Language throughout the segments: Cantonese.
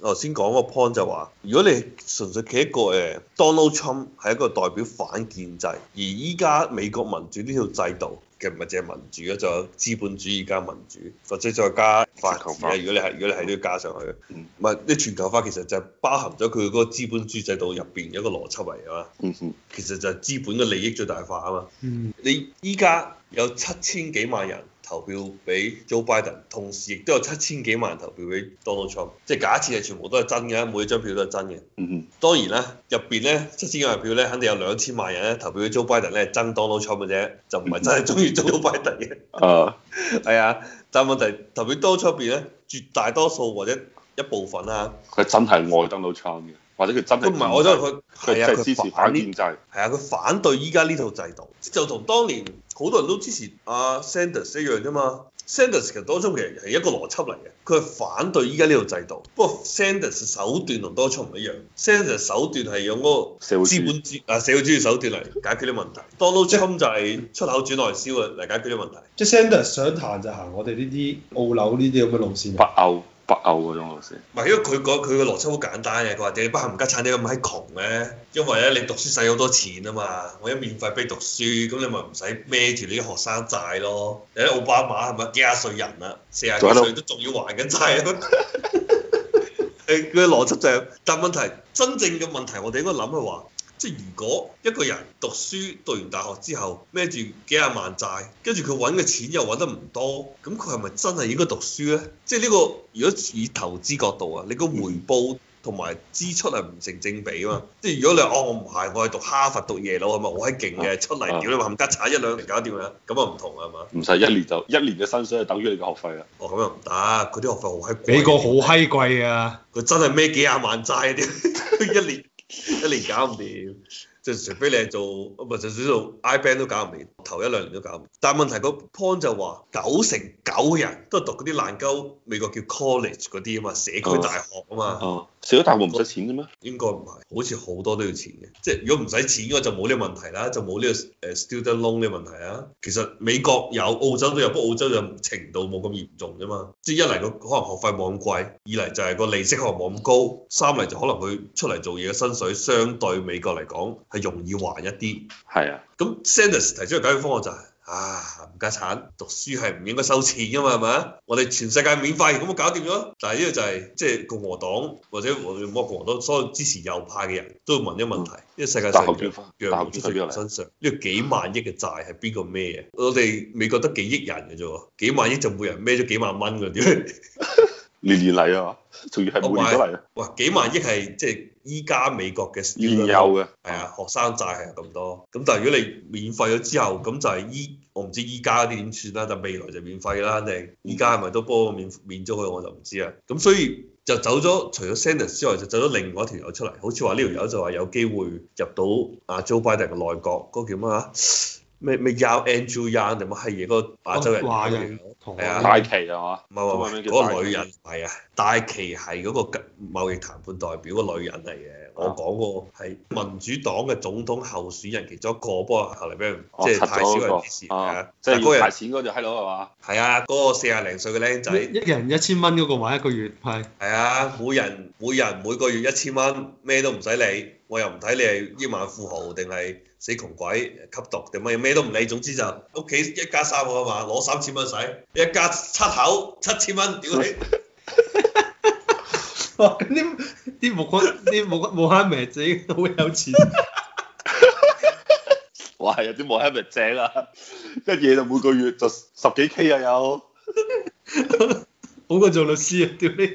我先講個 point 就話，如果你純粹企一個誒 Donald Trump 係一個代表反建制，而依家美國民主呢條制度其實唔係淨係民主，咗有資本主義加民主，或者再加全球化、啊、如果你係如果你係都要加上去，唔係啲全球化其實就包含咗佢嗰個資本主義制度入邊一個邏輯嚟啊嘛。其實就係資本嘅利益最大化啊嘛。你依家有七千幾萬人。投票俾 Joe Biden，同時亦都有七千幾萬人投票俾 Donald Trump，即係假設係全部都係真嘅，每一張票都係真嘅。嗯嗯。當然啦，入邊咧七千幾萬票咧，肯定有兩千萬人咧投票俾 Joe Biden 咧，憎 Donald Trump 嘅啫，就唔係真係中意 Joe Biden 嘅。 啊。係 啊，但問題投票 Donald Trump 入邊咧，絕大多數或者一部分啊，佢真係愛 Donald Trump 嘅，或者佢真係。佢唔係愛，因為佢佢支持反建制。係啊，佢反對依家呢套制度，就同當年，好多人都支持阿 Sanders 一樣啫嘛，Sanders 其實多數其實係一個邏輯嚟嘅，佢係反對依家呢個制度。不過 Sanders 手段同多數唔一樣，Sanders 手段係用嗰個資本主啊社會主義手段嚟解決啲問題，Donald Trump 就係出口轉內銷啊嚟解決啲問題。即係 Sanders 想彈就行，我哋呢啲澳紐呢啲咁嘅路線。北歐。白拗嗰種咯先，唔係因為佢講佢個邏輯好簡單嘅，佢話點解唔加產你咁閪窮咧？因為咧你，你，你讀書使好多錢啊嘛，我一免費俾你讀書，咁你咪唔使孭住你啲學生債咯？你睇奧巴馬係咪幾廿歲人啊？四廿幾歲都仲要還緊債啊？佢 嘅 邏輯就係、是，但問題真正嘅問題，我哋應該諗嘅話。即係如果一個人讀書讀完大學之後孭住幾廿萬債，跟住佢揾嘅錢又揾得唔多，咁佢係咪真係應該讀書咧？即係呢個如果以投資角度啊，你個回報同埋支出係唔成正比啊嘛。嗯、即係如果你哦唔係，我係讀哈佛讀耶魯係咪？我係勁嘅，啊、出嚟屌你冚家鏟一兩年搞掂啦，咁啊唔同係嘛？唔使一年就一年嘅薪水就等於你嘅學費啊。哦，咁又唔得，佢啲學費係美國好閪貴啊。佢真係孭幾廿萬債啊！屌、啊、 一年。 一年搞唔掂，就除非你係做，唔係就做 I band 都搞唔掂，頭一兩年都搞唔掂。但係問題個 point 就話九成九人都係讀嗰啲爛鳩，美國叫 college 嗰啲啊嘛，社區大學啊嘛。Oh. Oh. 少咗貸唔使錢嘅咩？應該唔係，好似好多都要錢嘅。即係如果唔使錢嘅話，應該就冇呢個問題啦，就冇呢、這個誒、uh, student loan 呢個問題啊。其實美國有，澳洲都有，不過澳洲就程度冇咁嚴重啫嘛。即係一嚟個可能學費冇咁貴，二嚟就係個利息可能冇咁高，三嚟就可能佢出嚟做嘢嘅薪水相對美國嚟講係容易還一啲。係啊，咁 Sanders 提出嘅解決方案就係、是。啊！冚家鏟，讀書係唔應該收錢㗎嘛，係咪啊？我哋全世界免費，咁咪搞掂咗。但係呢個就係即係共和黨或者我哋和惡共和黨，所有支持右派嘅人都問一問，問題，呢個、嗯、世界上人身上呢、呢個幾萬億嘅債係邊個孭嘅？嗯、我哋美國得幾億人嘅啫，幾萬億就每人孭咗幾萬蚊㗎 年年嚟啊嘛，仲要係冇咗嚟啊！哇，幾萬億係即係依家美國嘅現有嘅係啊，學生債係咁多。咁但係如果你免費咗之後，咁就係、係、依我唔知依家啲點算啦。但未來就免費啦。定依家係咪都幫我免免咗佢？我就唔知啊。咁所以就走咗，除咗 Sanders 之外，就走咗另外一條友出嚟。好似話呢條友就話有機會入到啊 Joe Biden 嘅內閣。嗰、嗰個叫咩？啊？咩咩 Yang Andrew Yang 定乜閪嘢？個亞洲人，同大旗係嘛？唔係唔係，嗰個女人係啊，大旗係嗰個貿易談判代表個女人嚟嘅。我講過係民主黨嘅總統候選人其中一個，不過後嚟畀人，即係太少人支持啊。即係嗰日錢隻閪佬係嘛？係啊，嗰個四廿零歲嘅僆仔。一人一千蚊嗰個還一個月係。係啊，每人每人每個月一千蚊，咩都唔使理。我又唔睇你係億萬富豪定係死窮鬼吸毒定乜嘢咩都唔理，總之就屋企一家三個啊嘛，攞三千蚊使，一家七口七千蚊，屌你！ 哇！啲啲木工啲木冇閪名仔，好有錢！ 哇！有啲冇閪名仔啊，一嘢就每個月就十幾 K 啊有， 好過做律師啊！屌你！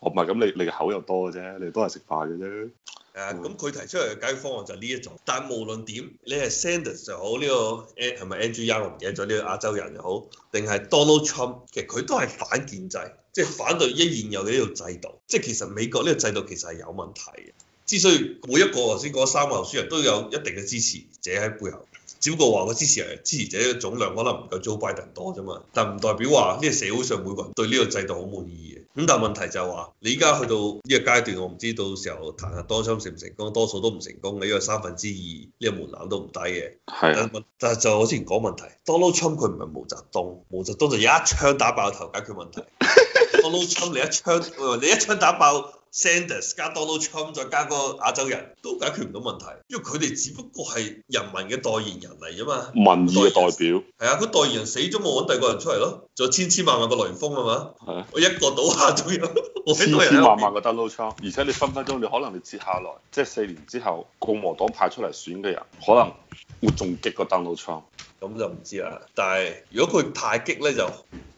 我唔係咁，你你個口又多嘅啫，你都係食飯嘅啫。誒、嗯，咁佢、啊、提出嚟嘅解決方案就係呢一種。但係無論點，你係 Sanders 又好呢、呢個，係咪 NGR 我唔記得咗呢個亞洲人又好，定係 Donald Trump，其實佢都係反建制，即、就、係、是、反對一現有嘅呢個制度。即、就、係、是、其實美國呢個制度其實係有問題嘅。之所以每一個頭先講三個輸人都有一定嘅支持者喺背後。只不過話個支持支持者嘅總量可能唔夠 Joe Biden 多啫嘛，但唔代表話呢個社會上每個人對呢個制度好滿意嘅。咁但問題就係話，你而家去到呢個階段，我唔知道時候彈劾多槍成唔成功，多數都唔成功，你因為三分之二呢個門檻都唔低嘅。係，但就我之前講問題，Donald Trump 佢唔係毛澤東，毛澤東就一槍打爆頭解決問題，Donald Trump 你一槍，你一槍打爆。Sanders 加 Donald Trump 再加個亞洲人都解決唔到問題，因為佢哋只不過係人民嘅代言人嚟啫嘛，民意嘅代表係啊，個代言人死咗冇揾第二個人出嚟咯，仲有千千萬萬個雷鋒係嘛，啊、我一個倒下都有，千千萬萬個 Donald Trump，而且你分分鐘你可能你接下來即係四年之後共和黨派出嚟選嘅人可能會仲激過 Donald Trump。咁就唔知啦，但係如果佢太激咧，就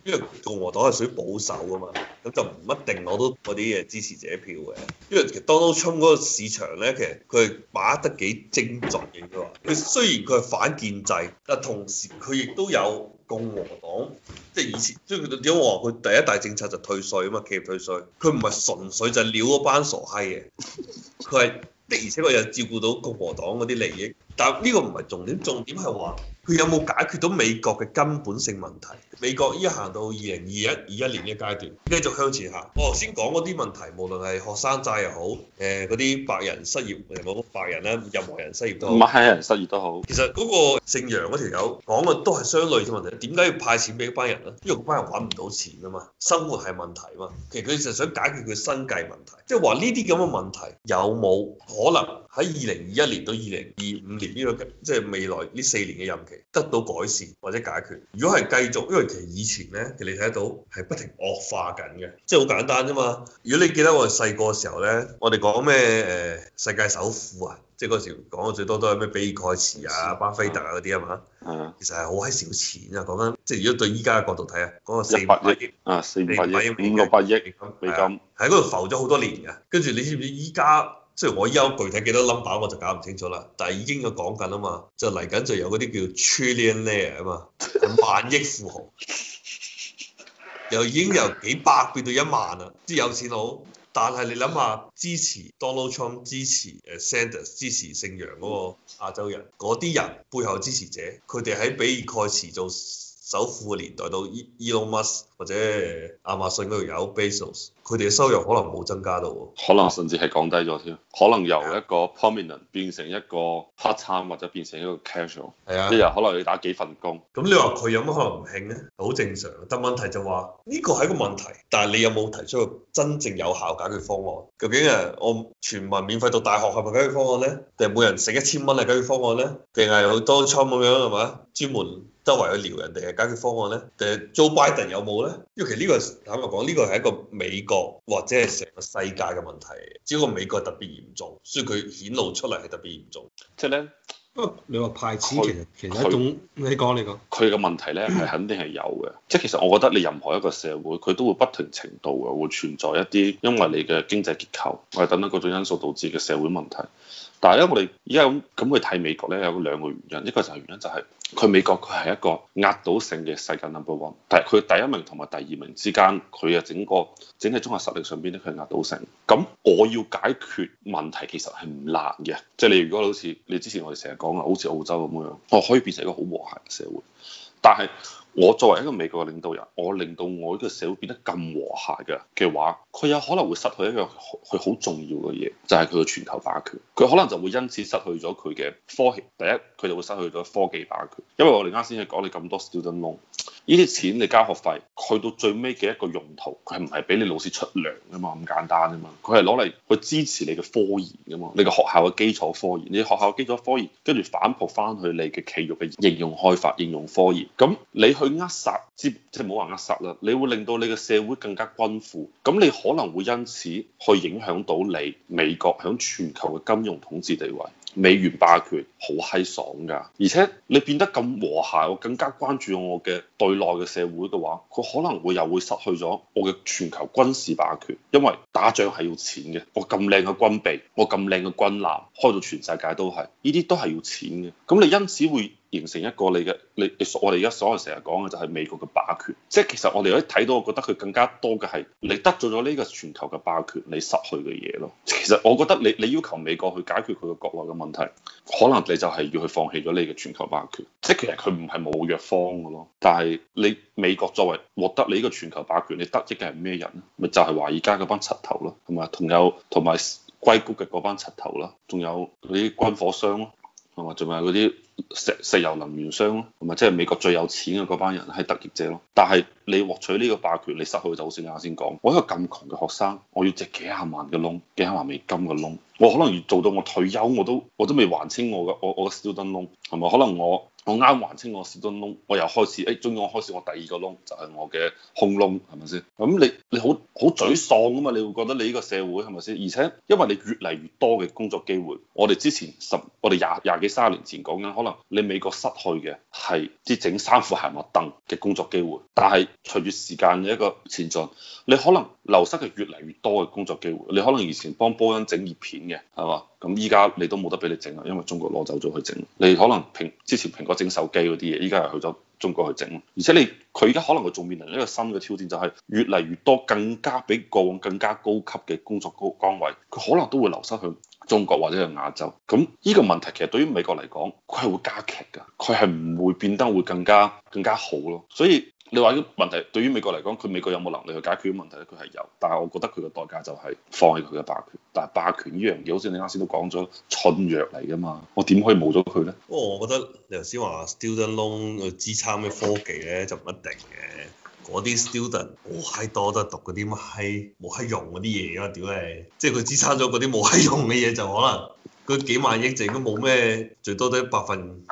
因為共和黨係屬於保守噶嘛，咁就唔一定攞到嗰啲嘢支持者票嘅。因為其實 Donald Trump 嗰個市場咧，其實佢把握得幾精準嘅喎。佢話雖然佢係反建制，但同時佢亦都有共和黨，即係以前，即係佢點講話佢第一大政策就退稅啊嘛，企業退稅。佢唔係純粹就係撩嗰班傻閪嘅，佢係的而且確又照顧到共和黨嗰啲利益。但呢個唔係重點，重點係話佢有冇解決到美國嘅根本性問題？美國依家行到二零二一二一年嘅階段，繼續向前行。我頭先講嗰啲問題，無論係學生債又好，誒嗰啲白人失業，無論白人咧，任何人失業都好，乜黑人失業都好。其實嗰個姓楊嗰條友講嘅都係相類嘅問題。點解要派錢俾嗰班人咧？因為嗰班人揾唔到錢啊嘛，生活係問題啊嘛。其實佢就係想解決佢生計問題，即係話呢啲咁嘅問題有冇可能喺二零二一年到二零二五年呢個即係未來呢四年嘅任期得到改善或者解決，如果係繼續，因為其實以前咧，其實你睇得到係不停惡化緊嘅，即係好簡單啫嘛。如果你記得我哋細個嘅時候咧，我哋講咩誒世界首富啊，即係嗰時講嘅最多都係咩比爾蓋茨啊、巴菲特嗰啲啊嘛，其實係好閪少錢啊，講緊即係如果對依家嘅角度睇啊，嗰個四百億,億啊四百億,五,百億五六百億嘅美金，喺嗰度浮咗好多年嘅、啊，跟住你知唔知依家？雖然我依家具體幾多 number 我就搞唔清楚啦，但係已經要講緊啦嘛，就嚟緊就有嗰啲叫 trillionaire 啊嘛，萬億富豪，又已經由幾百變到一萬啦，啲有錢佬。但係你諗下支持 Donald Trump、支持誒 Sanders、支持姓楊嗰個亞洲人嗰啲人，背後支持者，佢哋喺比爾蓋茨做首富嘅年代到 Elon Musk。或者亞馬遜嗰度有 Bezos 佢哋嘅收入可能冇增加到，可能甚至係降低咗添，可能由一個 permanent 變成一個 part time 或者變成一個 casual，一日、啊、可能要打幾份工。咁你話佢有乜可能唔興咧？好正常，但問題就話呢個係一個問題，但係你有冇提出個真正有效解決方案？究竟啊，我全民免費讀大學係咪解決方案咧？定係每人食一千蚊係解決方案咧？定係好多 time 咁樣係嘛？專門周圍去撩人哋嘅解決方案咧？定係 Joe Biden 有冇咧？因其實呢個坦白講，呢個係一個美國或者係成個世界嘅問題。只不過美國特別嚴重，所以佢顯露出嚟係特別嚴重。即係咧，不過你話派錢其實其實一種，你講你講。佢嘅問題咧係肯定係有嘅。即係其實我覺得你任何一個社會，佢都會不同程度嘅會存在一啲因為你嘅經濟結構或者等等各種因素導致嘅社會問題。但係咧，我哋而家咁咁去睇美國咧，有兩個原因，一個就係原因就係、是、佢美國佢係一個壓倒性嘅世界 number one，但係佢第一名同埋第，第二名之間，佢嘅整個整體綜合實力上邊咧，佢係壓倒性。咁我要解決問題其實係唔難嘅，即、就、係、是、你如果好似你之前我哋成日講啊，好似澳洲咁樣，我可以變成一個好和諧嘅社會，但係。我作為一個美國嘅領導人，我令到我呢個社會變得咁和諧嘅嘅話，佢有可能會失去一樣佢好重要嘅嘢，就係佢嘅全球霸權。佢可能就會因此失去咗佢嘅科技。第一，佢就會失去咗科技霸權，因為我哋啱先係講你咁多 student loan。呢啲錢你交學費，去到最尾嘅一個用途，佢係唔係俾你老師出糧啊嘛？咁簡單啊嘛，佢係攞嚟去支持你嘅科研噶嘛，你個學校嘅基礎科研，你學校嘅基礎科研跟住反撲翻去你嘅企業嘅應用開發、應用科研。咁你去扼殺，即即係冇話扼殺啦，你會令到你嘅社會更加均富。咁你可能會因此去影響到你美國響全球嘅金融統治地位。美元霸權好閪爽㗎，而且你變得咁和諧，我更加關注我嘅對內嘅社會嘅話，佢可能會又會失去咗我嘅全球軍事霸權，因為打仗係要錢嘅，我咁靚嘅軍備，我咁靚嘅軍艦，開到全世界都係，呢啲都係要錢嘅，咁你因此會，形成一個你嘅，你你所我哋而家所成日講嘅就係美國嘅霸權，即係其實我哋可以睇到，我覺得佢更加多嘅係你得到咗呢個全球嘅霸權，你失去嘅嘢咯。其實我覺得你你要求美國去解決佢嘅國內嘅問題，可能你就係要去放棄咗你嘅全球霸權。即係其實佢唔係冇藥方嘅咯，但係你美國作為獲得你呢個全球霸權，你得益嘅係咩人咪就係、是、華爾街嗰班柒頭咯，同埋同有同埋硅谷嘅嗰班柒頭咯，仲有嗰啲軍火商咯，同埋仲有嗰啲。石石油能源商咯，同埋即係美國最有錢嘅嗰班人係特業者咯。但係你獲取呢個霸權，你失去就好似啱啱先講。我一個咁窮嘅學生，我要值幾廿萬嘅窿，幾廿萬美金嘅窿，我可能要做到我退休我都我都未還清我嘅我我嘅 student 窿，係咪？可能我。我啱還清我四墩窿，我又開始，誒終於我開始我第二個窿，就係、是、我嘅空窿，係咪先？咁你你好好沮喪啊嘛，你會覺得你呢個社會係咪先？而且因為你越嚟越多嘅工作機會，我哋之前十我哋廿廿幾卅年前講緊，可能你美國失去嘅係啲整衫褲鞋襪凳嘅工作機會，但係隨住時間嘅一個前進，你可能。流失嘅越嚟越多嘅工作機會，你可能以前幫波音整葉片嘅，係嘛？咁依家你都冇得俾你整啦，因為中國攞走咗去整。你可能平之前蘋果整手機嗰啲嘢，依家係去咗中國去整。而且你佢而家可能佢仲面臨一個新嘅挑戰，就係越嚟越多更加比過往更加高級嘅工作高崗位，佢可能都會流失去中國或者係亞洲。咁呢個問題其實對於美國嚟講，佢係會加劇㗎，佢係唔會變得會更加更加好咯。所以你話啲問題對於美國嚟講，佢美國有冇能力去解決啲問題咧？佢係有，但係我覺得佢嘅代價就係放棄佢嘅霸權。但係霸權依樣嘢，好似你啱先都講咗，脆弱嚟㗎嘛。我點可以冇咗佢咧？不過我覺得你頭先話 student loan 佢支撐咩科技咧，就唔一定嘅。嗰啲 student 好閪多得讀嗰啲乜閪冇閪用嗰啲嘢啊。屌你！即係佢支撐咗嗰啲冇閪用嘅嘢，就可能嗰幾萬億凈都冇咩，最多得百分。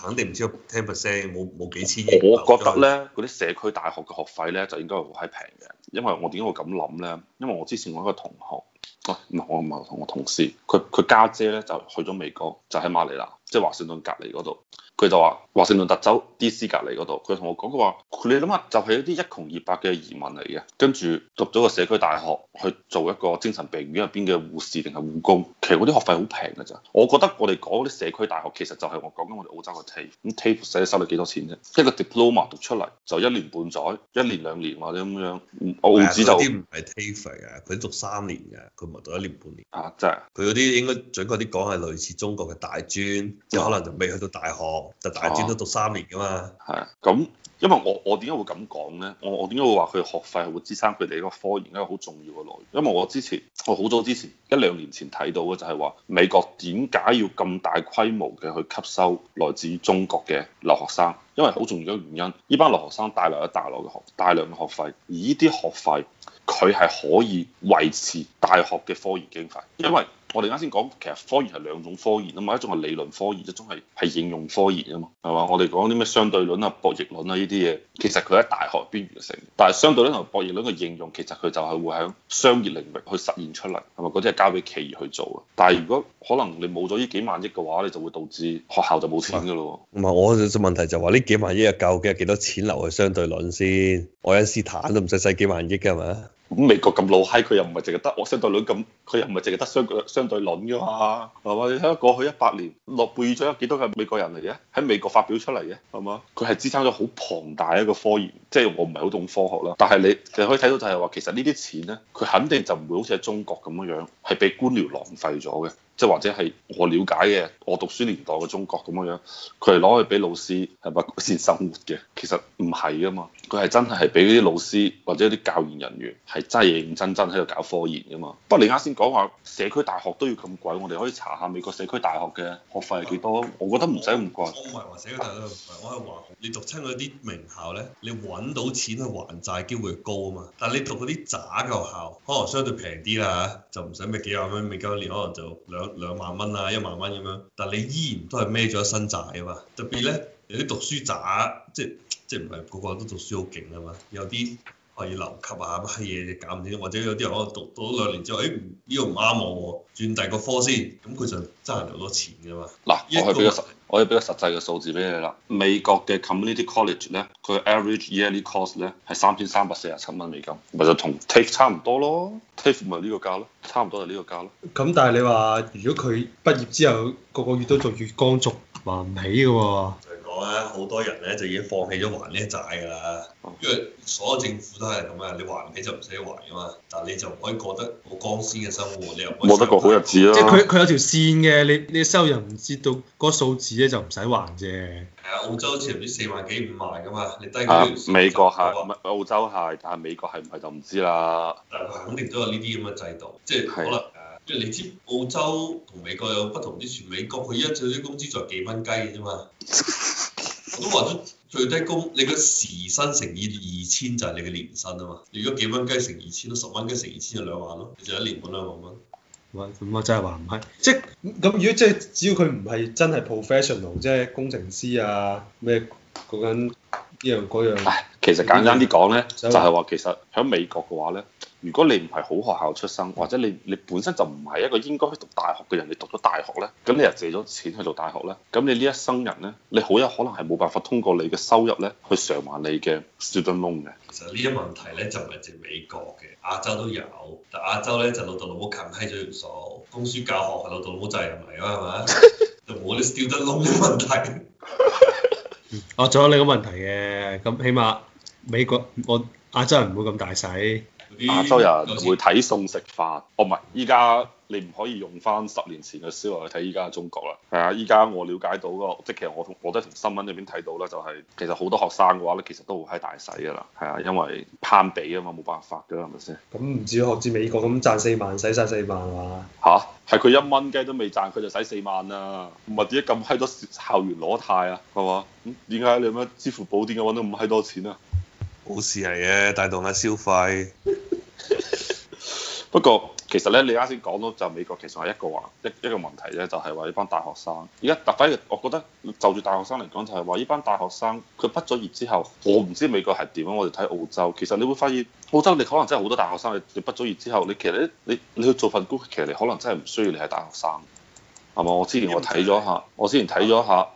肯定唔知有 ten percent，冇冇幾千。我覺得咧，嗰啲社區大學嘅學費咧，就應該係好閪平嘅。因為我點解會咁諗咧？因為我之前我一個同學，喂、啊，唔係我唔係同我同事，佢佢家姐咧就去咗美國，就喺馬里蘭，即、就、係、是、華盛頓隔離嗰度。佢就話華盛頓特州 D.C. 隔離嗰度，佢同我講佢話，你諗下就係一啲一窮二白嘅移民嚟嘅，跟住讀咗個社區大學去做一個精神病院入邊嘅護士定係護工，其實嗰啲學費好平㗎咋，我覺得我哋講嗰啲社區大學其實就係我講緊我哋澳洲嘅 TAFE，咁 TAFE 使收你幾多錢啫？一個 diploma 讀出嚟就一年半載，一年兩年或者咁樣，澳紙就唔係 TAFE 啊，佢讀三年嘅。佢唔係讀一年半年啊，真係佢嗰啲應該準確啲講係類似中國嘅大專，有可能就未去到大學。就大專都讀三年噶嘛，係啊，咁因為我我點解會咁講咧？我呢我點解會話佢學費係會支撐佢哋呢個科研一個好重要嘅來源，因為我之前我好早之前一兩年前睇到嘅就係話美國點解要咁大規模嘅去吸收來自於中國嘅留學生？因為好重要嘅原因，呢班留學生帶來咗大，大量嘅學大量嘅學費，而呢啲學費佢係可以維持大學嘅科研經費，因為。我哋啱先講，其實科研係兩種科研啊嘛，一種係理論科研，一種係係應用科研啊嘛，係嘛？我哋講啲咩相對論啊、博弈論啊呢啲嘢，其實佢喺大學邊完成，但係相對論同博弈論嘅應用，其實佢就係會喺商業領域去實現出嚟，係嘛？嗰啲係交俾企業去做嘅。但係如果可能你冇咗呢幾萬億嘅話，你就會導致學校就冇錢㗎咯。唔係、嗯，我嘅問題就話、是、呢幾萬億究竟係幾多錢留喺相對論先？愛因斯坦都唔使使幾萬億㗎，係嘛？咁美國咁老閪，佢又唔係淨係得我相對論咁，佢又唔係淨係得相相對論嘅嘛，係嘛？你睇下過去一百年諾貝爾獎有幾多個美國人嚟嘅？喺美國發表出嚟嘅，係嘛？佢係支撐咗好龐大一個科研，即係我唔係好懂科學啦。但係你其實可以睇到就係話，其實呢啲錢咧，佢肯定就唔會好似喺中國咁樣樣，係俾官僚浪費咗嘅。即或者係我了解嘅，我讀書年代嘅中國咁樣樣，佢係攞去俾老師係咪改善生活嘅？其實唔係啊嘛，佢係真係係俾啲老師或者啲教研人員係真係認真真喺度搞科研噶嘛。不過你啱先講話社區大學都要咁貴，我哋可以查下美國社區大學嘅學費係幾多？我覺得唔使咁貴。我唔係話社區大學唔貴，我係話你讀親嗰啲名校咧，你揾到錢去還債機會高啊嘛。但係你讀嗰啲渣嘅學校，可能相對平啲啦，就唔使咩幾萬蚊美金一年，可能就兩兩萬蚊啊，一萬蚊咁樣，但係你依然都係孭咗一身債啊嘛。特別咧，有啲讀書渣，即係即係唔係個個都讀書好勁啊嘛。有啲可以留級啊，乜閪嘢搞唔清，或者有啲人可能讀咗兩年之後，誒呢個唔啱我，轉第二個科先，咁、嗯、佢就真係留咗錢噶嘛。嗱啦，一個我去俾我啲比較實際嘅數字俾你啦，美國嘅 Community College 咧，佢 average yearly cost 咧係三千三百四十七蚊美金，咪就同、是、TAFE 差唔多咯，TAFE 咪呢個價咯，差唔多就呢個價咯。咁但係你話，如果佢畢業之後個個月都做月光族、啊，還唔起嘅喎。好多人咧就已經放棄咗還呢啲債㗎啦，因為所有政府都係咁啊，你還唔起就唔使還㗎嘛。但係你就唔可以過得好光鮮嘅生活，你又冇得過個好日子咯。即係佢佢有條線嘅，你你收入唔至到嗰個數字咧就唔使還啫。係啊，澳洲好似唔知四萬幾五萬㗎嘛，你低過、啊啊、美國係，澳洲係，但係美國係唔係就唔知啦。但佢肯定都有呢啲咁嘅制度，即、就、係、是、可能啊。是因為你知澳洲同美國有不同之處，全美國佢一月啲工資就幾蚊雞㗎啫嘛。 我都話咗最低工，你個時薪乘以二千就係你嘅年薪啊嘛。如果幾蚊雞乘二千咯，十蚊雞乘二千就兩萬咯。你就一年揾兩萬蚊。咁咁我真係話唔係。即係咁如果即係只要佢唔係真係 professional，即係工程師啊咩嗰間。依樣嗰樣，其實簡單啲講呢，就係話其實喺美國嘅話呢，如果你唔係好學校出生，或者你你本身就唔係一個應該去讀大學嘅人，你讀咗大學呢，咁你又借咗錢去讀大學呢。咁你呢一生人呢，你好有可能係冇辦法通過你嘅收入呢去償還你嘅 student loan 嘅。其實呢一問題呢，就唔係淨美國嘅，亞洲都有，但亞洲呢，就老豆老母近喺咗條數，供書教學，老豆老母就係咁嚟啦，係咪，就冇啲 student loan 嘅問題。 嗯，哦，仲有另一個問題嘅，咁起碼美國、我亞洲人唔會咁大使。亞洲人會睇餸食飯，哦，唔係，依家你唔可以用翻十年前嘅思路去睇依家中國啦。係啊，依家我了解到個，即係其實我同我都係同新聞裏邊睇到咧，就係、是、其實好多學生嘅話咧，其實都會係大洗噶啦。係啊，因為攀比啊嘛，冇辦法噶啦，係咪先？咁唔至於學住美國咁賺四萬，使晒四萬啊？嚇！係佢一蚊雞都未賺，佢就使四萬啦。唔係點解咁閪多校園攞貸啊？係嘛？咁點解你乜支付寶點解揾到咁閪多錢啊？好事嚟，啊、嘅，帶動下消費。 不過其實咧，你啱先講到就美國，其實係一個話一一個問題咧，就係話呢班大學生。而家特反，我覺得就住大學生嚟講，就係話呢班大學生佢畢咗業之後，我唔知美國係點樣。我哋睇澳洲，其實你會發現澳洲，你可能真係好多大學生。你畢咗業之後，你其實你你去做份工，其實你可能真係唔需要你係大學生，係咪？我之前我睇咗下，我之前睇咗下。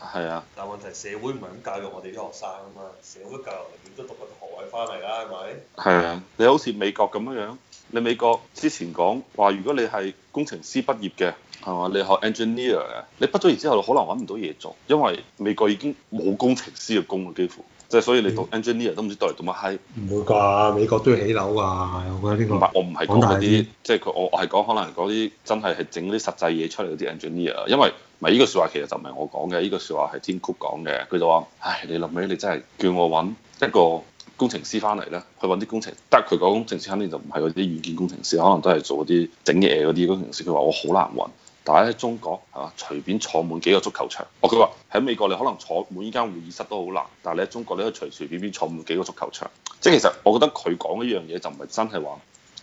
係啊，但問題係社會唔係咁教育我哋啲學生啊嘛，社會教育點都讀個學位翻嚟啦，係咪？係啊，你好似美國咁樣，你美國之前講話，如果你係工程師畢業嘅，係嘛，你學 engineer 嘅，你畢咗業之後可能揾唔到嘢做，因為美國已經冇工程師嘅工啦，幾乎。即係所以你讀 engineer 都唔知當嚟做乜嗨，唔會㗎，美國都要起樓㗎，這個，我覺得呢個唔係我唔係講嗰啲，即係佢我我係講可能嗰啲真係係整啲實際嘢出嚟嗰啲 engineer，因為咪呢、這個説話其實就唔係我講嘅，呢、這個説話係 Tim Cook 講嘅，佢就話唉，你諗起你真係叫我揾一個工程師翻嚟咧，去揾啲工程，但係佢講工程師肯定就唔係嗰啲軟件工程師，可能都係做嗰啲整嘢嗰啲工程師，佢話我好難揾。但喺中國嚇，啊，隨便坐滿幾個足球場。我佢話喺美國你可能坐滿呢間會議室都好難，但係你喺中國你可以隨隨便便坐滿幾個足球場。即係其實我覺得佢講一樣嘢就唔係真係話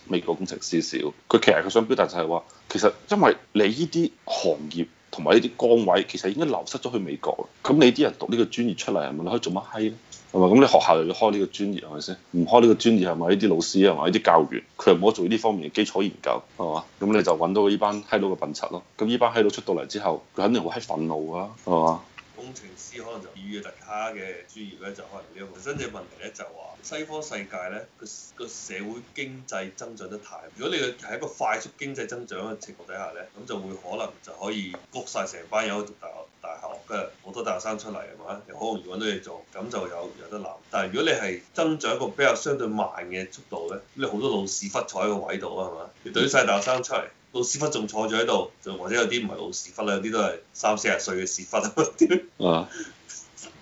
美國工程師少。佢其實佢想表達就係話，其實因為你呢啲行業。同埋呢啲崗位，其實已經流失咗去美國。咁你啲人讀呢個專業出嚟，係咪你可以做乜閪咧？係嘛，咁你學校又要開呢個專業，係咪先？唔開呢個專業，係咪呢啲老師啊，係咪？呢啲教員，佢又冇得做呢方面嘅基礎研究，係嘛？咁你就揾到呢班閪佬嘅笨柒咯。咁呢班閪佬出到嚟之後，佢肯定會閪憤怒啊，係嘛？工程師可能就與特卡嘅專業咧，就可能唔一樣。真正問題咧就話，西方世界咧，個個社會經濟增長得太，如果你個係一個快速經濟增長嘅情況底下咧，咁就會可能就可以谷晒成班友去讀大學，大學跟住好多大學生出嚟，係嘛？又好容易揾到嘢做，咁就有有得攬。但係如果你係增長一個比較相對慢嘅速度咧，你好多老屎忽彩喺個位度啊，係嘛，你懟晒大學生出嚟。老屎忽仲坐咗喺度，仲或者有啲唔係老屎忽啦，有啲都係三四十歲嘅屎忽。啊！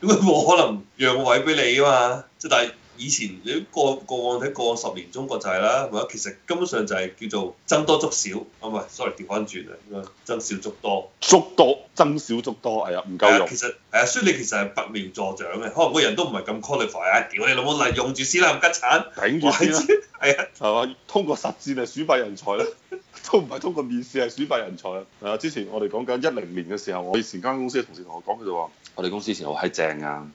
點解冇可能讓位俾你啊？嘛，即係但係以前你過往睇過往十年中國就係啦，係其實根本上就係叫做僧多粥少，唔係、嗯，sorry，調翻轉啊，僧少粥多，粥多僧少粥多，係啊，唔夠用。其實係啊，所以你其實係拔苗助長嘅，可能個人都唔係咁 qualified。屌你老母嚟，用住屎咁吉橙頂住先啦，係啊，係嘛？通過實戰嚟選拔人才啦。都唔係通過面試係選拔人才，係啊！之前我哋講緊一零年嘅時候，我以前間公司嘅同事同我講佢就話，我哋公司以前好係正啊，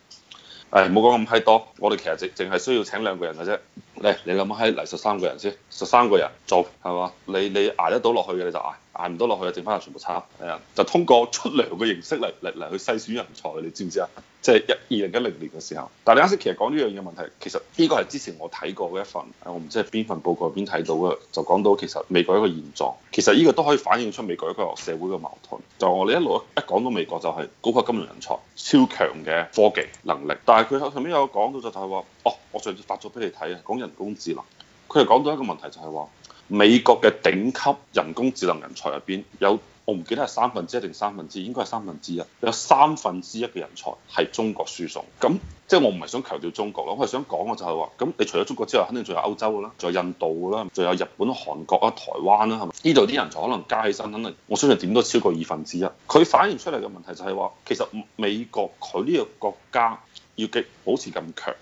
唔好講咁閪多，我哋其實淨淨係需要請兩個人嘅啫。嚟，你諗下嚟十三個人先，十三個人做係嘛？你，你捱得到落去嘅你就捱，捱唔到落去嘅，剩翻就全部炒。係啊、嗯，就通過出糧嘅形式嚟嚟嚟去篩選人才，你知唔知啊？即係一二零一零年嘅時候，但係你啱先其實講呢樣嘢問題，其實呢個係之前我睇過嘅一份，我唔知係邊份報告入邊睇到嘅，就講到其實美國一個現狀，其實呢個都可以反映出美國一個社會嘅矛盾。就我哋一路一講到美國，就係高級金融人才、超強嘅科技能力，但係佢後面有講到就係話，哦，我上次發咗俾你睇啊，講人工智能，佢又講到一個問題就係話，美國嘅頂級人工智能人才入邊有。我唔記得係三分之一定三分之一，應該係三分之一。有三分之一嘅人才係中國輸送，咁即係我唔係想強調中國咯，我係想講嘅就係話，咁你除咗中國之外，肯定仲有歐洲啦，仲有印度啦，仲有日本、韓國啊、台灣啦，係咪？呢度啲人才可能加起身，肯定我相信點都超過二分之一。佢反映出嚟嘅問題就係話，其實美國佢呢個國家要嘅保持咁強，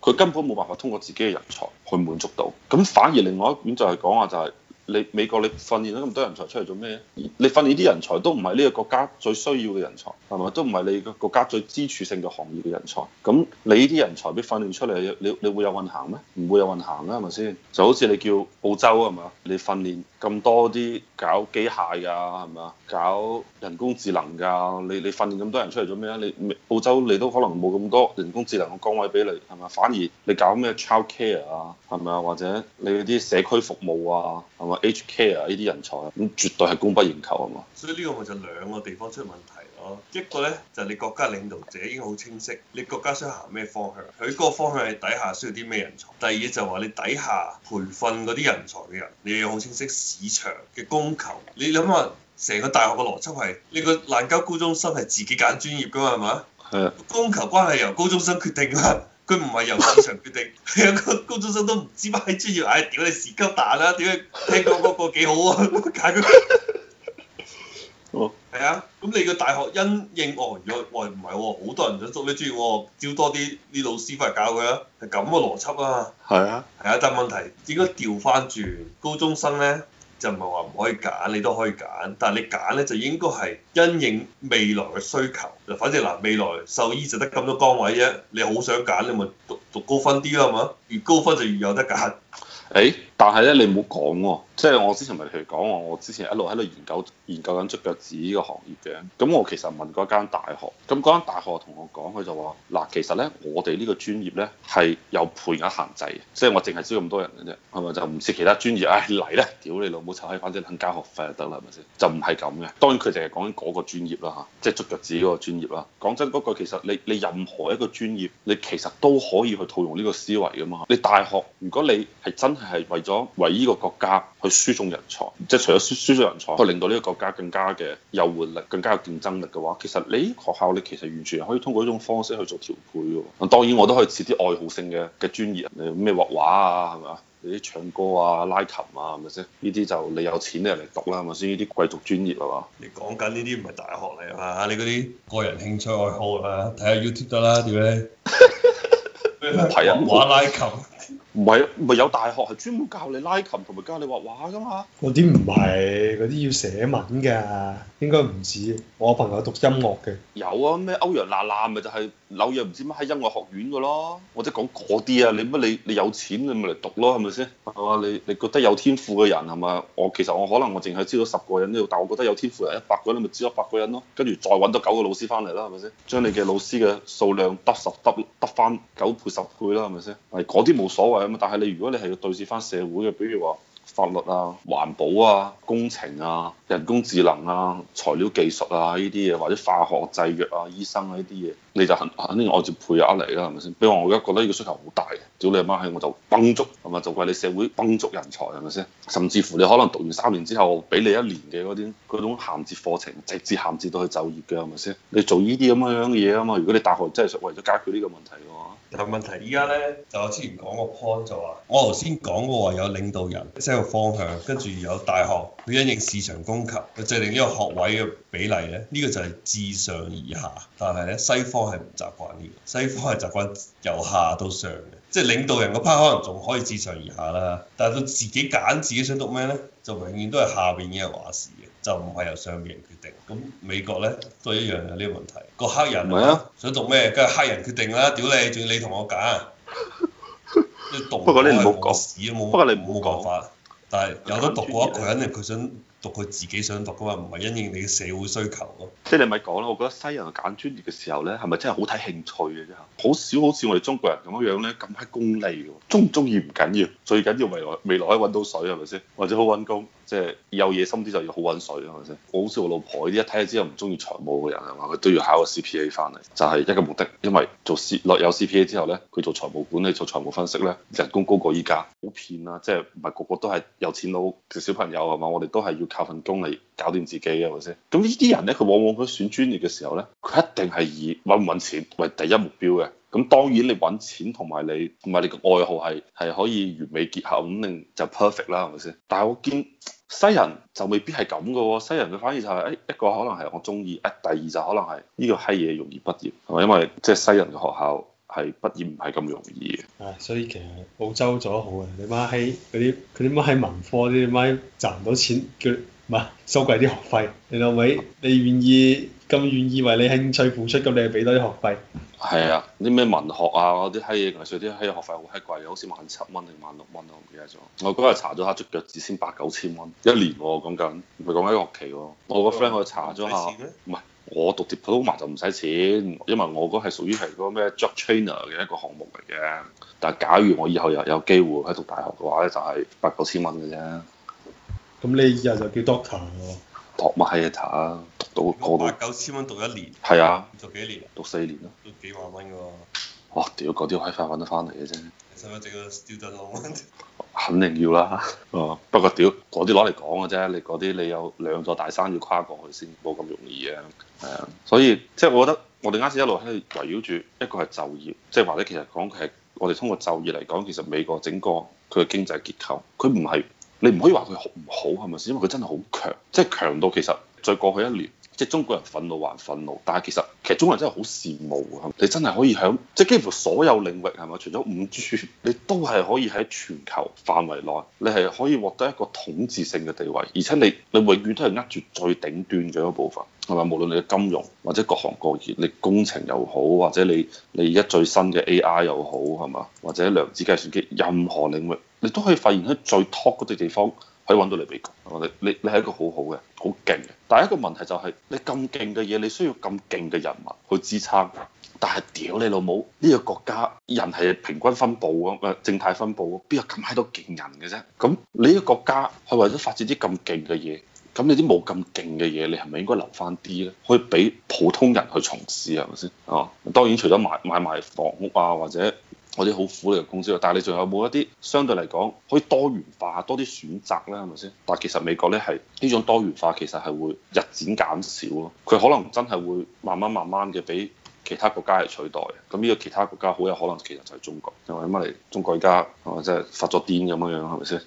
佢根本冇辦法通過自己嘅人才去滿足到。咁反而另外一邊就係講話就係。你美國你訓練咗咁多人才出嚟做咩？你訓練啲人才都唔係呢個國家最需要嘅人才，係咪？都唔係你個國家最支柱性嘅行業嘅人才。咁你呢啲人才俾訓練出嚟，你你會有運行咩？唔會有運行啦，係咪先？就好似你叫澳洲係嘛？你訓練。咁多啲搞機械噶，係咪啊？搞人工智能噶，你你訓練咁多人出嚟做咩啊？你澳洲你都可能冇咁多人工智能嘅崗位俾你係咪啊？反而你搞咩 childcare 啊係咪啊？或者你啲社區服務啊係咪 Aged care 呢啲人才啊，咁絕對係供不應求啊嘛？所以呢個咪就兩個地方出問題。一個咧就係、是、你國家領導者應該好清晰，你國家想行咩方向，佢嗰個方向係底下需要啲咩人才。第二就話你底下培訓嗰啲人才嘅人，你要好清晰市場嘅供求。你諗下，成個大學嘅邏輯係，你個難教高中生係自己揀專業㗎嘛？係咪？係啊。供求關係由高中生決定啊，佢唔係由市場決定，係 啊，高中生都唔知乜係專業，唉，屌你時針大啦，點解聽講嗰個幾好啊？哦。 係啊，咁你個大學因應哦，如果喂唔係喎，好、哦、多人想捉你專業喎，招多啲啲老師翻嚟教佢啊，係咁嘅邏輯啊。係啊，係啊，但問題應該調翻轉，高中生咧就唔係話唔可以揀，你都可以揀，但係你揀咧就應該係因應未來嘅需求。反正嗱、啊，未來獸醫就得咁多崗位啫，你好想揀，你咪讀讀高分啲啦，係嘛？越高分就越有得揀。誒、欸，但係咧，你唔好講喎，即、就、係、是、我之前咪提講話，我之前一路喺度研究研究緊足腳趾呢個行業嘅。咁我其實問過一間大學，咁嗰間大學同我講，佢就話：嗱，其實咧，我哋呢個專業咧係有配額限制嘅，即、就、係、是、我淨係招咁多人嘅啫，係咪？就唔似其他專業，唉嚟咧，屌你老母臭閪，反正肯交學費就得啦，係咪先？就唔係咁嘅。當然佢淨係講緊嗰個專業啦嚇、啊，即係足腳趾嗰個專業啦。講、啊、真嗰句，那個、其實你你任何一個專業，你其實都可以去套用呢個思維㗎嘛。你大學如果你係真，係為咗為依個國家去輸送人才，即係除咗輸輸送人才，去令到呢個國家更加嘅有活力、更加有競爭力嘅話，其實你學校你其實完全可以通過呢種方式去做調配喎。當然我都可以設啲愛好性嘅嘅專業，誒咩畫畫啊，係咪啊？你啲唱歌啊、拉琴啊，係咪先？呢啲就你有錢你嚟讀啦，係咪先？呢啲貴族專業係嘛？你講緊呢啲唔係大學嚟啊嘛？你嗰啲個人興趣愛好啊，睇下 YouTube 得啦，點咧？係啊， 玩拉琴。 唔係。有大學係專門教你拉琴同埋教你畫畫噶嘛？嗰啲唔係？嗰啲要寫文㗎，應該唔止。我朋友讀音樂嘅。有啊，咩歐陽娜娜咪就係，是。老嘢唔知乜喺音樂學院個咯，或者係講嗰啲啊！你乜你你有錢你咪嚟讀咯，係咪先？係嘛？你你覺得有天賦嘅人係咪？我其實我可能我淨係招到十個人呢度，但我覺得有天賦人一百個，你咪招一百個人咯，跟住再揾到九個老師翻嚟啦，係咪先？將你嘅老師嘅數量得十得得翻九倍十倍啦，係咪先？係嗰啲冇所謂啊嘛！但係你如果你係要對接翻社會嘅，比如話法律啊、環保啊、工程啊、人工智能啊、材料技術啊呢啲嘢，或者化學製藥啊、醫生啊呢啲嘢。你就肯肯定我接配額嚟啦，係咪先？比如話我而家覺得呢個需求好大，招你阿媽去我就崩足，係咪？就怪你社會崩足人才係咪先？甚至乎你可能讀完三年之後，俾你一年嘅嗰啲嗰種銜接課程，直接銜接到去就業嘅係咪先？你做呢啲咁樣嘅嘢啊嘛！如果你大學真係為咗解決呢個問題嘅話，但問題而家咧就我之前講個 point 就話、是，我頭先講過話有領導人即一個方向，跟住有大學佢因應市場供求，去制定呢個學位嘅。比例咧，呢、這個就係自上而下。但係咧，西方係唔習慣呢個，西方係習慣由下到上嘅，即係領導人嗰 part 可能仲可以自上而下啦。但係佢自己揀自己想讀咩咧，就永遠都係下邊嘅人話事嘅，就唔係由上邊人決定。咁美國咧都一樣有呢個問題。個黑人唔係啊，想讀咩？梗係黑人決定啦，屌你，仲要你同我揀。你讀不過歷史有冇？沒不過你唔冇講法，但係有得讀過一個，佢肯定佢想。讀佢自己想讀噶嘛，唔係因應你嘅社會需求咯。即係你咪講咯，我覺得西人揀專業嘅時候咧，係咪真係好睇興趣嘅啫？好少好似我哋中國人咁樣咧咁係功利嘅，中唔中意唔緊要，最緊要未來未來可以揾到水係咪先，或者好揾工。即係有野心啲就要好揾水啊，係咪先？我好似我老婆呢啲一睇下之後唔中意財務嘅人係嘛，佢都要考個 CPA 翻嚟，就係、是、一個目的，因為做 C 落有 CPA 之後咧，佢做財務管理、做財務分析咧，人工高，高過依家。好騙啦、啊，即係唔係個個都係有錢佬嘅小朋友係嘛？我哋都係要靠份工嚟搞掂自己嘅，係咪先？咁呢啲人咧，佢往往佢選專業嘅時候咧，佢一定係以揾唔揾錢為第一目標嘅。咁當然你揾錢同埋你同埋你個愛好係，係可以完美結合，肯定就 perfect 啦，係咪先？但係我見西人就未必係咁嘅喎，西人嘅反而就係、是、誒一個可能係我中意，誒第二就可能係呢個閪嘢、這個、容易畢業，係咪？因為即係西人嘅學校係畢業唔係咁容易嘅。係、啊，所以其實澳洲就好嘅，你媽喺嗰啲佢點解喺文科啲媽賺唔到錢叫。唔係收貴啲學費，你老味，你願意咁願意為你興趣付出，咁你係俾多啲學費。係啊，啲咩文學啊嗰啲閪藝術，仲係啲閪學費好閪貴嘅，好似萬七蚊定萬六蚊我唔記得咗。我嗰日查咗下，足腳趾先八九千蚊一年喎、喔，講唔咪講緊一個學期喎、喔。我個 friend 我查咗下，唔係我讀 diploma 就唔使錢，因為我嗰係屬於係嗰咩 job trainer 嘅一個項目嚟嘅。但係假如我以後又有，有機會喺讀大學嘅話咧，就係八九千蚊嘅啫。咁你以後就叫 Doctor 喎、啊，讀乜嘢啊？讀到嗰八九千蚊讀一年，係啊，讀幾年、啊？讀四年咯、啊，都幾萬蚊噶喎。哇、哦！屌，嗰啲可以快揾得翻嚟嘅啫。使唔使整個 student loan？肯定要啦。 不過屌嗰啲攞嚟講嘅啫，你嗰啲你有兩座大山要跨過去先冇咁容易啊。係啊，所以即係我覺得我哋啱先一路喺度圍繞住一個係就業，即係或者其實講佢係我哋通過就業嚟講，其實美國整個佢嘅經濟結構，佢唔係。你唔可以話佢好唔好係咪？只因為佢真係好強，即係強到其實喺過去一年。即係中國人憤怒還憤怒，但係其實其實中國人真係好羨慕㗎，你真係可以喺即係幾乎所有領域係咪除咗五 G，你都係可以喺全球範圍內，你係可以獲得一個統治性嘅地位，而且你你永遠都係握住最頂端嘅一部分，係嘛？無論你嘅金融或者各行各業，你工程又好，或者你你而家最新嘅 AI 又好，係嘛？或者量子計算機，任何領域你都可以發現喺最 top 嗰啲地方。可以揾到你美國。你你你係一個好好嘅，好勁嘅。但係一個問題就係、是，你咁勁嘅嘢，你需要咁勁嘅人物去支撐。但係屌你老母，呢、這個國家人係平均分布，啊，唔係正態分佈，邊有咁喺度勁人嘅啫？咁你呢個國家係為咗發展啲咁勁嘅嘢，咁你啲冇咁勁嘅嘢，你係咪應該留翻啲咧，可以俾普通人去從事係咪先？啊，當然除咗買,買買埋房屋啊，或者。嗰啲好苦力嘅公司，但係你仲有冇一啲相對嚟講可以多元化多啲選擇呢？係咪先？但係其實美國呢，係呢種多元化其實係會日漸減少咯。佢可能真係會慢慢慢慢嘅俾其他國家嚟取代。咁呢個其他國家好有可能其實就係中國。因為乜嚟？中國而家即係發咗癲咁樣樣係咪先？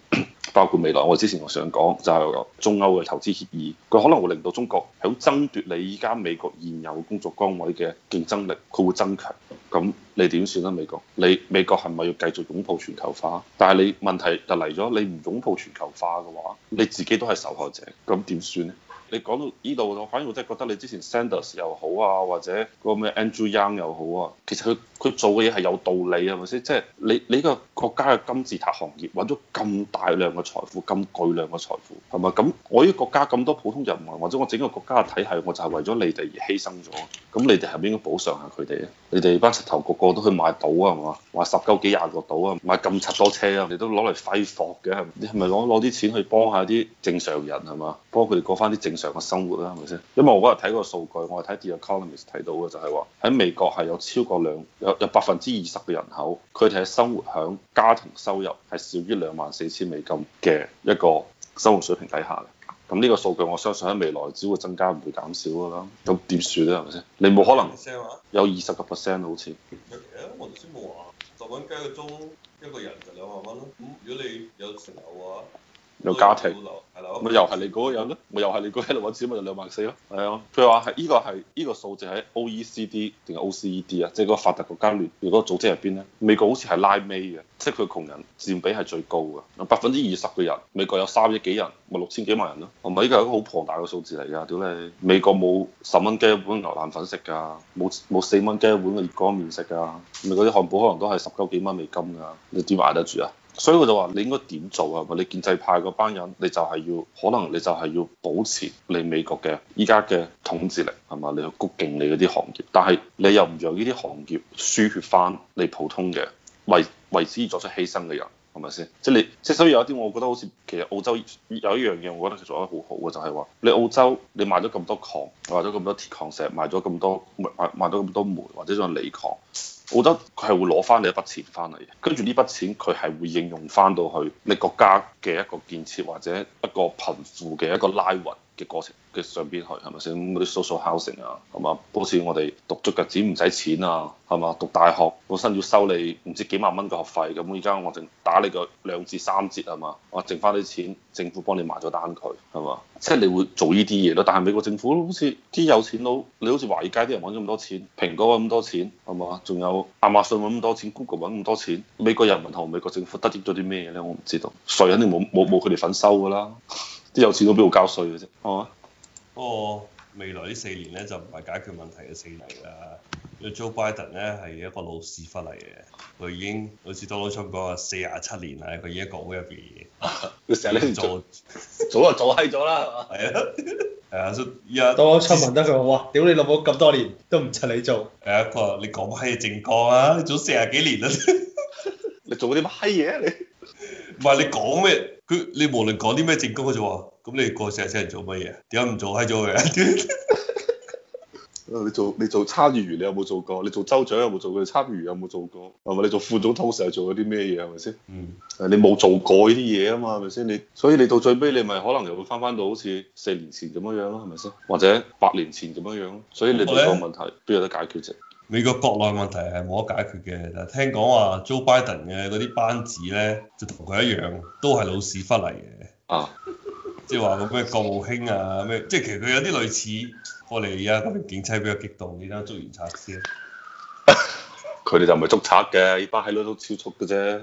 包括未來我之前我想講就係有中歐嘅投資協議，佢可能會令到中國響爭奪你依家美國現有工作崗位嘅競爭力，佢會增強。咁你點算啊？美國，你美國係咪要繼續擁抱全球化？但係你問題就嚟咗，你唔擁抱全球化嘅話，你自己都係受害者。咁點算咧？你講到依度，反我反而我真係覺得你之前 Sanders 又好啊，或者嗰個咩 Andrew Yang 又好啊，其實。佢。佢做嘅嘢係有道理啊，係咪先？即係你你呢個國家嘅金字塔行業揾咗咁大量嘅財富，咁巨量嘅財富係咪？咁我呢個國家咁多普通人民，或者我整個國家嘅體系，我就係為咗你哋而犧牲咗。咁你哋係咪應該補償下佢哋咧？你哋班石頭個個都去買島啊，係嘛？話十鳩幾廿個島啊，買咁柒多車啊，你都攞嚟揮霍嘅，你係咪攞攞啲錢去幫一下啲正常人，係嘛？幫佢哋過翻啲正常嘅生活啦，係咪先？因為我嗰日睇個數據，我係睇 The Economist 睇到嘅就係話喺美國係有超過兩。有百分之二十嘅人口，佢哋係生活響家庭收入係少於兩萬四千美金嘅一個生活水平底下嘅。咁呢個數據我相信喺未來只會增加，唔會減少嘅啦。咁點算咧？係咪先？你冇可能有二十個 percent 好似，okay, 我頭先冇話，十蚊雞個鐘，一個人就兩萬蚊咯。咁、嗯、如果你有成樓嘅話，有家庭，咪又係你嗰個人咧，咪 又係你嗰喺度揾錢，咪就兩萬四咯。係啊，佢話係依個係呢、呢個數字喺 OECD 定係 OCED 啊，即係個發達國家聯，嗰個組織入邊咧，美國好似係拉尾嘅，即係佢窮人佔比係最高嘅，百分之二十嘅人，美國有三億幾人，咪、就、六、是、千幾萬人咯，同埋依個係一個好龐大嘅數字嚟㗎。屌你，美國冇十蚊雞一碗牛腩粉食㗎，冇冇四蚊雞一碗嘅熱乾麵食㗎，咪嗰啲漢堡可能都係十九幾蚊美金㗎，你點捱得住啊？所以我就話：你應該點做啊？你建制派嗰班人，你就係要可能你就係要保持你美國嘅依家嘅統治力係嘛？你去谷勁你嗰啲行業，但係你又唔讓呢啲行業輸血翻你普通嘅為為之作出犧牲嘅人係咪先？即係、就是、你即係所以有一啲我覺得好似其實澳洲有一樣嘢，我覺得佢做得好好嘅就係、是、話你澳洲你賣咗咁多礦，賣咗咁多鐵礦石，賣咗咁多，多煤賣咗咁多煤或者仲有鋰礦。我覺得佢係會攞返你一筆錢返嚟，跟住呢筆錢佢係會應用返到去你國家嘅一個建設或者一個貧富嘅一個拉勻嘅過程嘅上邊去係咪先？咁嗰啲 social housing 啊，係嘛？好似我哋讀足腳趾唔使錢啊，係嘛？讀大學本身要收你唔知幾萬蚊嘅學費，咁而家我淨打你個兩至三折啊嘛，我剩翻啲錢，政府幫你埋咗單佢，係嘛？即係你會做呢啲嘢咯。但係美國政府好似啲有錢佬，你好似華爾街啲人揾咁多錢，蘋果揾咁多錢，係嘛？仲有亞馬遜揾咁多錢，Google 揾咁多錢，美國人民同美國政府得益咗啲咩呢？我唔知道，稅肯定冇冇冇佢哋份收㗎啦。啲有錢都畀我交稅嘅啫？哦，不過未來呢四年咧就唔係解決問題嘅四年啦。因為 Joe Biden 咧係一個老屎忽嚟嘅，佢已經好似 Donald Trump 講啊，四廿七年啦，佢已經喺國會入邊，佢成日咧做，早就做閪咗啦，係嘛？係啊，係啊，都依家 Donald Trump 問得佢話：哇，屌你老母咁多年都唔出你做。係啊，佢話你講閪嘢，正確啊，你做四廿幾年啦？你做嗰啲乜閪嘢你唔係你講咩？佢你無論講啲咩正功嘅啫喎，咁你過成日請人做乜嘢？點解唔做喺咗嘅？ 你做你做參議員你有冇做過？你做州長有冇做過？你參議員有冇做過？係咪？你做副總統成日做咗啲咩嘢？係咪先？嗯。你冇做過呢啲嘢啊嘛，係咪先？你所以你到最尾，你咪可能又會翻翻到好似四年前咁樣樣咯，係咪先？或者八年前咁樣樣。所以你唔講問題，邊有得解決啫？美國國內問題係冇得解決嘅，但係聽講話 Joe Biden 嘅嗰啲班子咧，就同佢一樣，都係老屎忽嚟嘅。啊！即係話個咩國務卿啊，咩即係其實佢有啲類似。我哋而家嗰邊警車比較激動，你等捉完賊先。佢哋 就唔係捉賊嘅，呢班閪佬都超速嘅啫。